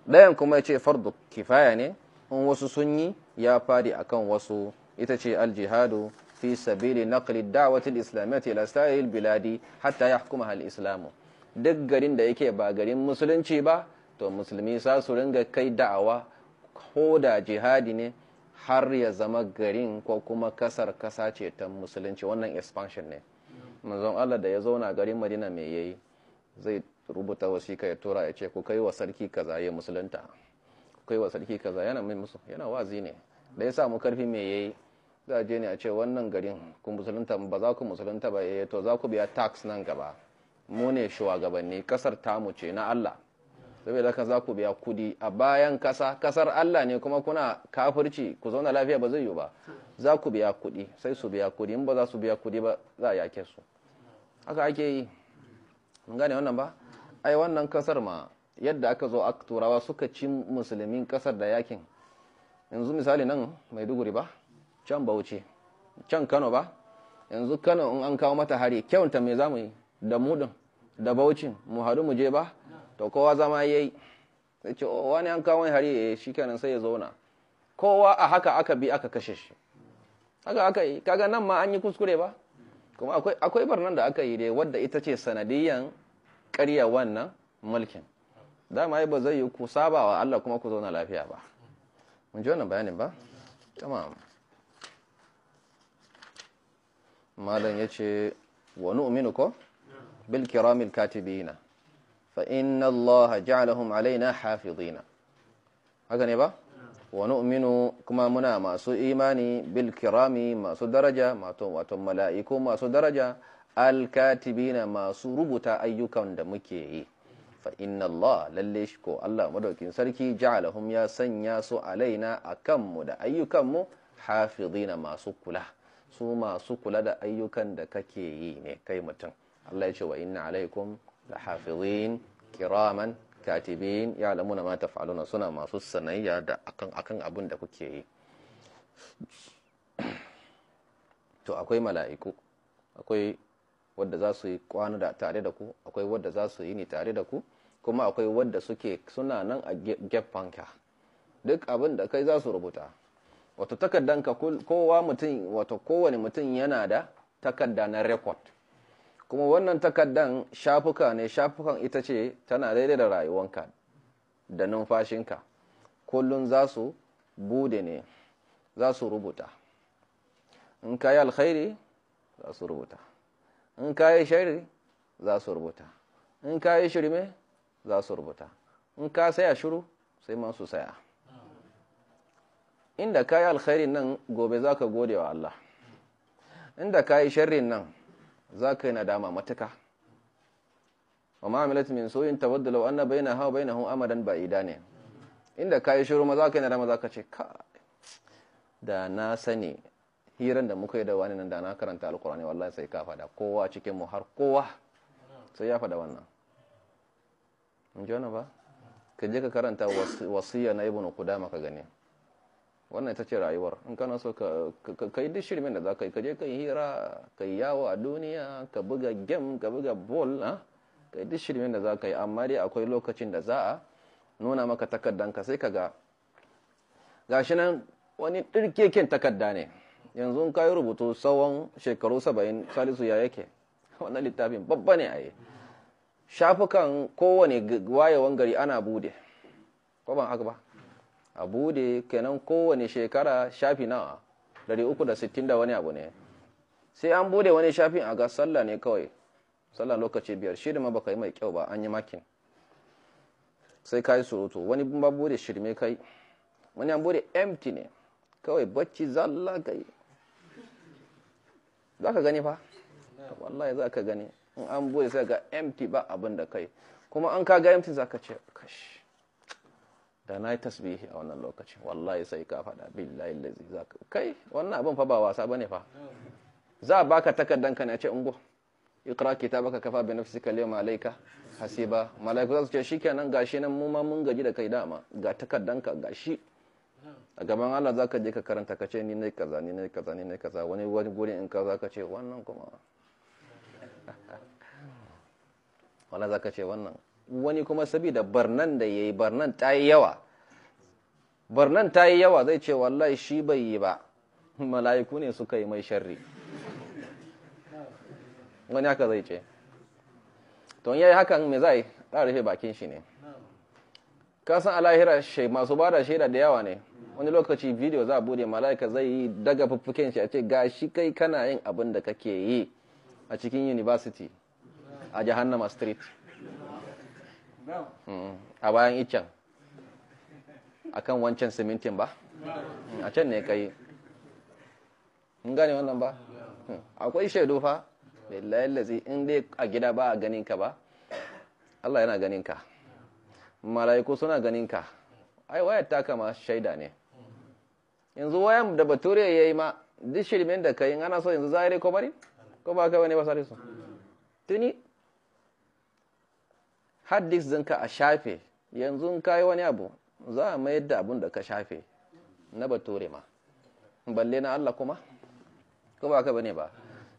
ɗayan kuma ya ce fardu kifaya ne in wasu sun yi ya fadi akan wasu ita ce aljihadu fi sabili naqli da'wati al-islamiyyah ila sa'il biladi hatta yahkumaha al-islamu duk garin da yake ba garin musulunci ba to musulmi sa su ringa kai da'awa ko da jihadi ne har ya zama garin ko kuma kasar kasa ce ta musulunci wannan expansion ne manzon Allah da ya zauna garin Madina mai yayi zai rubuta wasika ya tura ya ce ku kai wa sarki kaza ya musulunta ku kai wa sarki kaza yana mai musu yana wazi ne da ya samu karfi mai yayi za je ne a ce wannan garin kun musulunta ba za ku musulunta ba eh to za ku biya tax nan gaba mu ne shugabanni kasar tamu ce na Allah saboda kan za ku biya kudi a bayan kasa kasar Allah ne kuma kuna kafirci ku zauna lafiya ba zai yi ba za ku biya kudi sai su biya kudi in ba za su biya kudi ba za a yake su haka ake yi mun gane wannan ba ai wannan kasar ma yadda aka zo aka turawa suka ci musulmin kasar da yakin yanzu misali nan maiduguri ba can bauchi can kano ba yanzu kano in an kawo mata hari kyaunta mai zamu yi da mudun. da bauchi mu haru mu je ba to kowa zama yayi sai ce oh, wani an kawo hari eh shikenan sai ya zauna kowa a haka aka bi aka kashe shi haka aka yi kaga nan ma an yi kuskure ba kuma akwai akwai barnan da aka yi dai wadda ita ce sanadiyan ƙarya wannan mulkin dama ba zai yi ku saba wa Allah kuma ku zauna lafiya ba mun ji wannan bayanin ba tamam malam yace wa nu'minu ko بالكرام الكاتبين فإن الله جعلهم علينا حافظين هكذا نبا ونؤمن كما منا ما سو إيماني بالكرام ما سو درجة ما توم واتم ملائكو ما سو درجة الكاتبين ما سو ربطا أيوكا دمكي فإن الله لليشكو الله مدوكين سركي جعلهم يا سنياسو علينا أكم دا أيوكم حافظين ما سو كلا su masu kula da ayyukan da kake yi ne kai mutum Allah ya ce wa inna alaikum hafizin kiraman katibin lamuna ma taf'aluna suna masu sanayya da akan akan abin da kuke yi to akwai mala'iku akwai wadda za su yi kwanu da tare da ku akwai wadda za su yi ni tare da ku kuma akwai wadda suke suna nan a ka duk abin da kai za su rubuta wato takardanka kowa mutum wato kowane mutum yana da takarda na rekod kuma wannan takaddan shafuka ne shafukan ita ce tana daidai da rayuwanka da numfashinka kullum za su bude ne za su rubuta in ka yi alkhairi za su rubuta in ka yi shari za su rubuta in ka yi shirme za su rubuta in ka saya shiru sai man su saya inda ka yi alkhairin nan gobe za ka gode wa Allah inda ka yi sharrin nan za ka yi nadama matuka wa ma'amilat min soyin tabaddalau anna baina ha baina hun amadan ba'ida ne inda ka shiru ma za ka yi nadama za ka ce ka da na sani hiran da muka yi da wani nan da na karanta alkurani wallahi sai ka fada kowa cikin mu har kowa sai ya fada wannan in ji wani ba ka je ka karanta wasiya na ibnu kudama ka gani wannan ita ce rayuwar in kana so ka yi shirme da za ka yi ka ka yi hira ka yi yawo a duniya ka buga gem ka buga na ka yi shirme da za ka yi amma dai akwai lokacin da za a nuna maka takardan ka sai ka ga gashi nan wani ɗirkekin takarda ne yanzu ka yi rubutu tsawon shekaru saba'in salisu ya yake wannan littafin babba ne a yi shafukan kowane wayewan gari ana bude ko ban a bude kenan kowane shekara shafi nawa 360 da wani abu ne sai an bude wani shafin a ga sallah ne kawai sallah lokaci biyar shirin ma baka yi mai kyau ba an yi makin sai ka yi surutu wani ba bude shirme kai wani an bude empty ne kawai bacci zalla kai za ka gani fa wallahi za ka gani in an bude sai ga empty ba abin da kai kuma an ka ga empty za ka ce kashi da na yi tasbihi a wannan lokacin wallahi sai ka faɗa billahi lazi za ka kai wannan abin fa ba wasa ba ne fa za a baka takardanka ka na ce ungo ikra kitabaka kafa bi nafsika al yawma alayka hasiba malaiku za su ce shikenan gashi nan mu ma mun gaji da kai dama ga ka gashi a gaban Allah ka je ka karanta ka ce ni ne kaza ni ne kaza ni ne kaza wani wani guri in ka ka ce wannan kuma wala ka ce wannan wani kuma saboda barnan da ya yi barnan ta yi yawa barnan ta yi yawa zai ce wallahi shi bai yi ba mala'iku ne suka yi mai shari. wani haka zai ce to yayi hakan me zai da rufe bakin shi ne ka san alahira shi masu bada shaida da yawa ne wani lokaci bidiyo za a bude mala'ika zai yi daga fuffuken shi a ce gashi kai kana yin abin da kake yi a cikin university a jahannama street Mm. a bayan iccen a kan wancan simintin ba mm, a can ne kai in gane wannan ba mm. akwai shaidu fa Lallai lazi in dai a gida ba a ganin ka ba Allah yana ganin ka mala'iku suna ganin ka ai wayar ta kama shaida ne yanzu wayan da bature yi ma duk shirmen da kai ana so yanzu zahiri ko bari ko ba ka bane ba sare su tuni Haddis din ka a shafe yanzu ka yi wani abu za a mayar da abun da ka shafe na bature ma balle na Allah kuma ko ba ka bane ba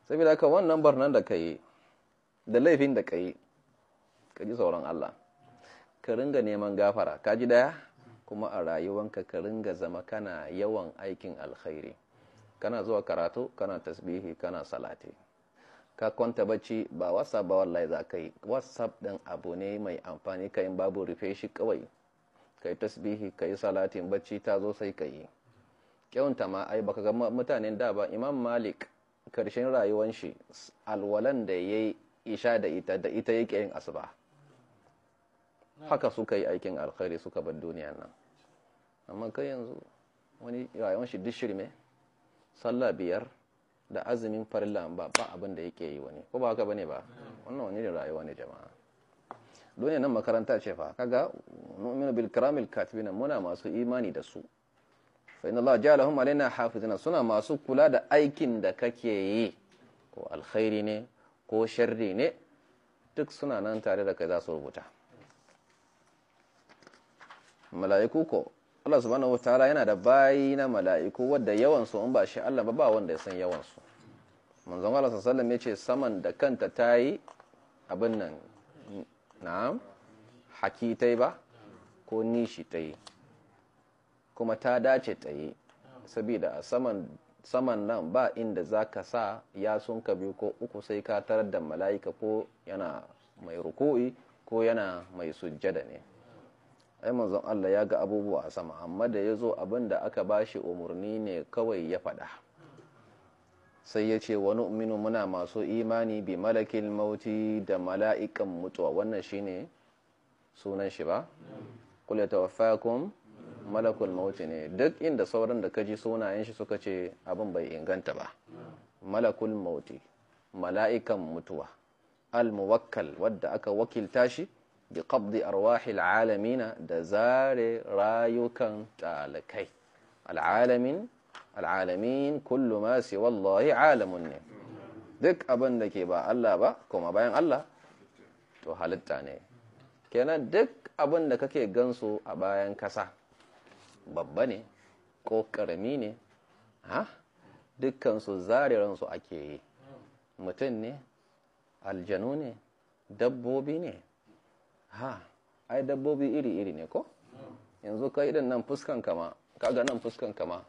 saboda ka wannan barnan da kai da laifin da ka yi ka ji sauran Allah ka ringa neman gafara ka ji daya kuma a rayuwanka ka ringa zama kana yawan aikin alkhairi kana zuwa karatu kana tasbihi kana salati ka kwanta bacci ba whatsapp ba wallahi za ka yi whatsapp ɗin abu ne mai amfani ka yin babu rufe shi kawai ka yi tasbihi ka yi salatin bacci ta zo sai ka yi kyaunta ma ai baka ga mutanen da ba imam malik karshen rayuwan shi alwalan da ya yi isha da ita da ita yake yin asuba haka suka yi aikin alkhairi suka bar duniya nan amma kai yanzu wani rayuwan shi duk shirme sallah biyar da azumin farilla ba ba abin da yake yi wani ko ba haka bane ba wannan wani ne rayuwa ne jama'a dole nan makaranta ce fa kaga nu'minu bil karamil katibina muna masu imani da su fa inna Allah ja'alahum alaina hafizina suna masu kula da aikin da kake yi ko alkhairi ne ko sharri ne duk suna nan tare da kai za su rubuta mala'iku ko Allah subhanahu wataala yana da bayi na mala'iku wadda yawansu in ba shi Allah ba ba wanda ya san yawansu manzon Allah sallallahu ya ce saman da kanta ta yi abin nan na'am haki ta yi ba ko nishi ta yi kuma ta dace ta yi sabida saman saman nan ba inda za ka sa ya sun ka biyu ko uku sai ka tarar da mala'ika ko yana mai ruku'i ko yana mai sujjada ne ai manzon Allah ya ga abubuwa a sama amma da ya zo abinda da aka bashi umarni ne kawai ya faɗa sai ya ce wani uminu muna masu imani bi malakil mauti da mala'ikan mutuwa wannan shine sunan shi ba kula tawaffakum malakul mauti ne duk inda sauran da kaji sunayen shi suka ce abin bai inganta ba malakul mauti mala'ikan mutuwa al-muwakkal wadda aka wakilta shi bi qabdi arwahil alamina da zare rayukan talakai al'alamin al'alamin kullu ma si wallahi alamun ne duk abin da ke ba Allah ba kuma bayan Allah to halitta ne kenan duk abin da kake gansu a bayan kasa babba ne ko karami ne ha dukkansu su ake yi mutum ne aljanu ne dabbobi ne ha ai dabbobi iri-iri ne ko yanzu ka idan nan fuskan kama kaga nan fuskan kama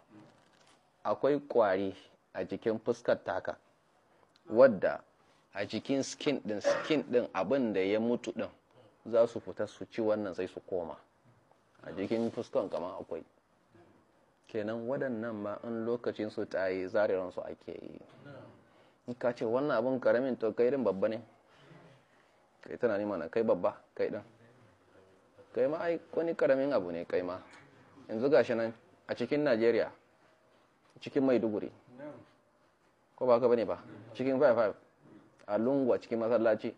akwai kwari a jikin fuskar taka wadda a jikin skin din skin din abin da ya mutu din za su fita su ci wannan sai su koma a jikin fuskan kama akwai kenan waɗannan ma in lokacin su ta yi zareransu ake yi ka ce wannan abin karamin to kai din babba ne kai tana nima na, kai babba kai ɗan kai ma ai wani karamin abu ne kai ma yanzu gashi nan a cikin najeriya cikin maiduguri ko ba ka ba ne ba cikin 5-5 a lungu a cikin masallaci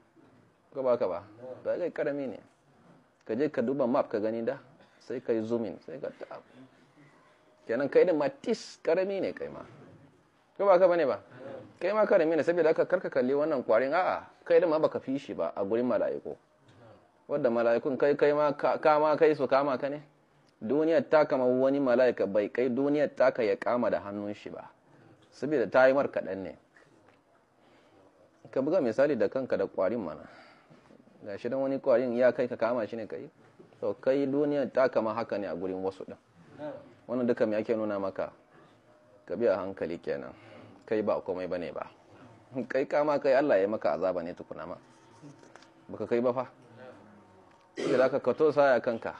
ko ba ka ba da kai karami ne ka je ka duba map ka gani da sai ka yi zoomin sai ka ta'a. kenan kai da matis karami ne kai ma ko ba ka ba ne ba kai ma karami ne saboda aka karka kalli wannan kwarin a'a kai da ma baka fi shi ba a gurin mala'iku wadda mala'ikun kai kai ma kama kai su kama ka ne duniya ta kama wani mala'ika bai kai duniya ta ka ya kama da hannun shi ba saboda ta yi dan ne ka buga misali da kanka da kwarin mana ga shi dan wani kwarin ya kai ka kama shi ne kai to kai duniya ta kama haka ne a gurin wasu ɗin wannan duka mai ake nuna maka ka biya hankali kenan kai ba komai bane ba kai kama kai Allah ya maka azaba ne tukuna ma baka kai ba fa sai zaka ka tosa ya kanka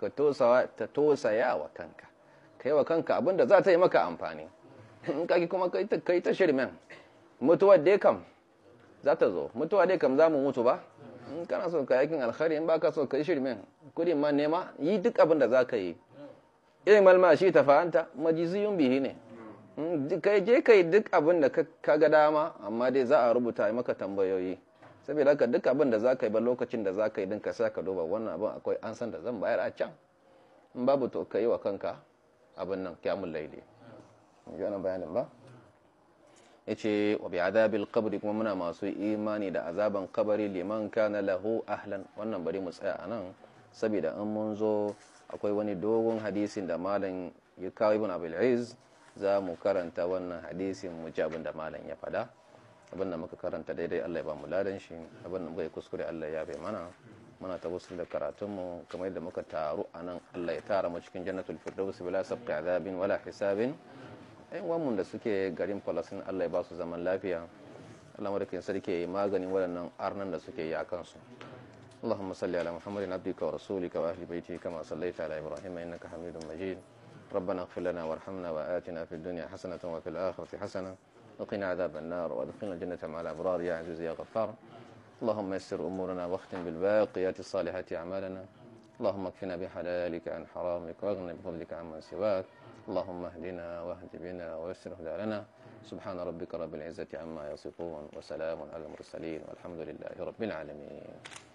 ka tosa ta tosa wa kanka kai wa kanka abinda za ta yi maka amfani in kuma kai ta kai ta shirmen Mutuwa dai kam za ta zo mutuwa dai kam za mu mutu ba in kana so ka yakin alkhari in baka so ka yi shirmen kudin ma nema yi duk abinda za ka yi ilmal ma shi ta majiziyun bihi ne Mm, kai je kai duk abin da ka ga dama amma dai za a rubuta maka tambayoyi saboda haka duk abin da za ka yi ba lokacin da za ka yi din ka ka duba wannan abin akwai an san da zan bayar a can in babu to ka yi wa kanka abin nan kyamun laili yana bayanin ba ya ce wa bi azabil kabari kuma muna masu imani da azaban kabari liman kana lahu ahlan wannan bari mu tsaya anan nan saboda in mun zo akwai wani dogon hadisin da malam ya kawo ibn abul iz za mu karanta wannan hadisin mu ji abin da malam ya fada abin da muka karanta daidai Allah ya ba mu ladan shi abin muka yi kuskure Allah ya bai mana muna ta wasu da karatunmu kamar da muka taru a nan Allah ya tara mu cikin jannatul firdaus bila sabqa azabin wala hisabin ayin wamun da suke garin Palestine Allah ya ba su zaman lafiya Allah madaukakin sarki ya yi maganin waɗannan arnan da suke yi a kansu اللهم صل على محمد عبدك ورسولك وأهل بيتك كما صليت على إبراهيم إنك حميد مجيد ربنا اغفر لنا وارحمنا وآتنا في الدنيا حسنة وفي الآخرة حسنة وقنا عذاب النار وادخلنا الجنة مع الأبرار يا عزيز يا غفار اللهم يسر أمورنا واختم بالباقيات الصالحات أعمالنا اللهم اكفنا بحلالك عن حرامك واغنى بفضلك عمن سواك اللهم اهدنا واهد بنا ويسر هدى لنا سبحان ربك رب العزة عما يصفون وسلام على المرسلين والحمد لله رب العالمين